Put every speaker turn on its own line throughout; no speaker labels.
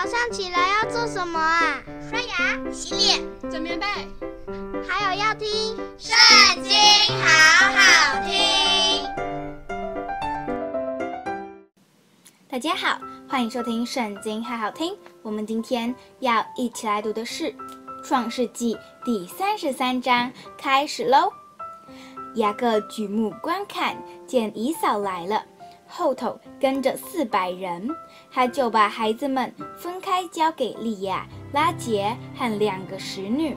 早上起來要做什麼啊？刷牙、洗臉、整棉被，還有要聽《聖經》，好好聽。大家好，歡迎收聽《聖經》，好好聽。我們今天要一起來讀的是《創世紀》第三十三章，開始嘍。雅各舉目觀看，見以掃來了，後頭跟着四百人，他就把孩子們分開交給利亞、拉結和兩個使女，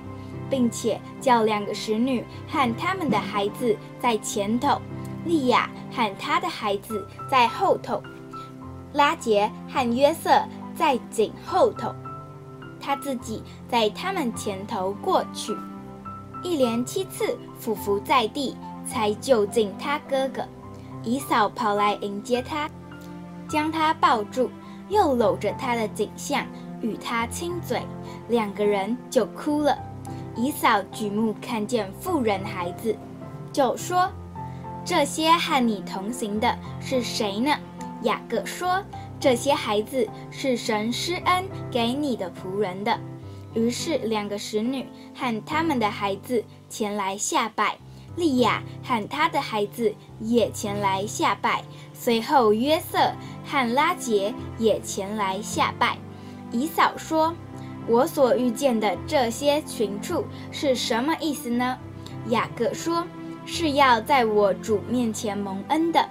並且叫兩個使女和他們的孩子在前頭，利亞和他的孩子在後頭，拉結和約瑟在緊後頭，他自己在他們前頭過去，一連七次俯伏在地，才就近他哥哥。以掃跑來迎接他，將他抱住，又摟着他的頸項，與他親嘴，兩個人就哭了。以掃舉目看見婦人孩子，就說：“這些和你同行的是誰呢？”雅各說：“這些孩子是神施恩給你的僕人的。”於是兩個使女和她們的孩子前來下拜。利亞和他的孩子也前來下拜，隨後約瑟和拉結也前來下拜。以掃說：“我所遇見的這些群畜是什麼意思呢？”雅各說：“是要在我主面前蒙恩的。”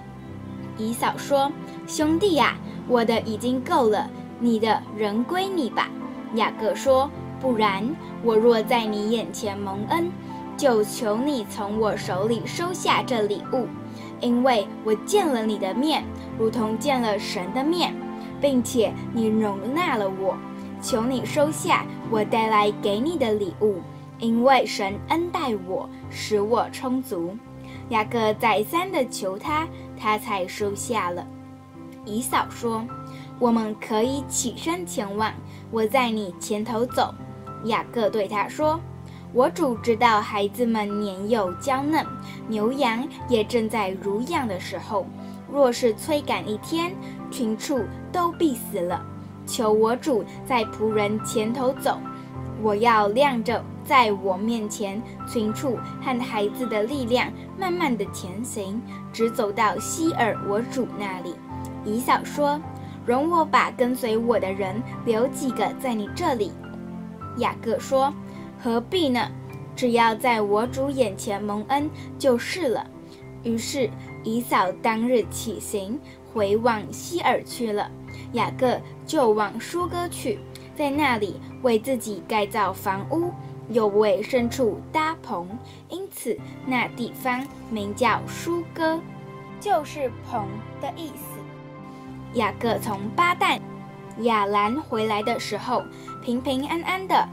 以掃說：“兄弟呀、啊，我的已經夠了，你的仍歸你吧。”雅各說：“不然，我若在你眼前蒙恩。”就求你從我手裡收下這禮物，因為我見了你的面，如同見了神的面，並且你容納了我，求你收下我帶來給你的禮物，因為神恩待我，使我充足。雅各再三地求他，他才收下了。以掃說：“我們可以起身前往，我在你前頭走。”雅各對他說。我主知道孩子們年幼嬌嫩，牛羊也正在乳養的時候，若是催趕一天，群畜都必死了。求我主在僕人前頭走，我要量著在我面前群畜和孩子的力量，慢慢地前行，直走到西珥我主那裡。以掃說：“容我把跟隨我的人留幾個在你這裡。”雅各說。何必呢？只要在我主眼前蒙恩就是了。於是，以掃當日起行，回往西珥去了。雅各就往疏割去，在那裡為自己蓋造房屋，又為牲畜搭棚，因此那地方名叫疏割，就是棚的意思。雅各從巴旦亞蘭回來的時候，平平安安的。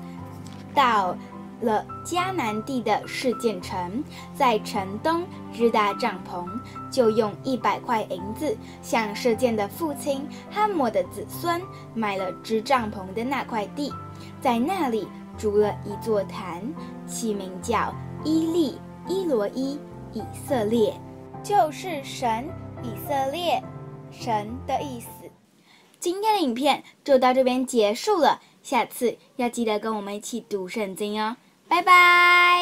到了迦南地的示劍城，在城東支搭帳棚，就用一百塊銀子向示劍的父親哈抹的子孫買了支帳棚的那塊地，在那裡築了一座壇，起名叫伊利伊羅伊以色列，就是神以色列神的意思。今天的影片就到這邊結束了。下次要記得跟我們一起讀聖經哦，拜拜！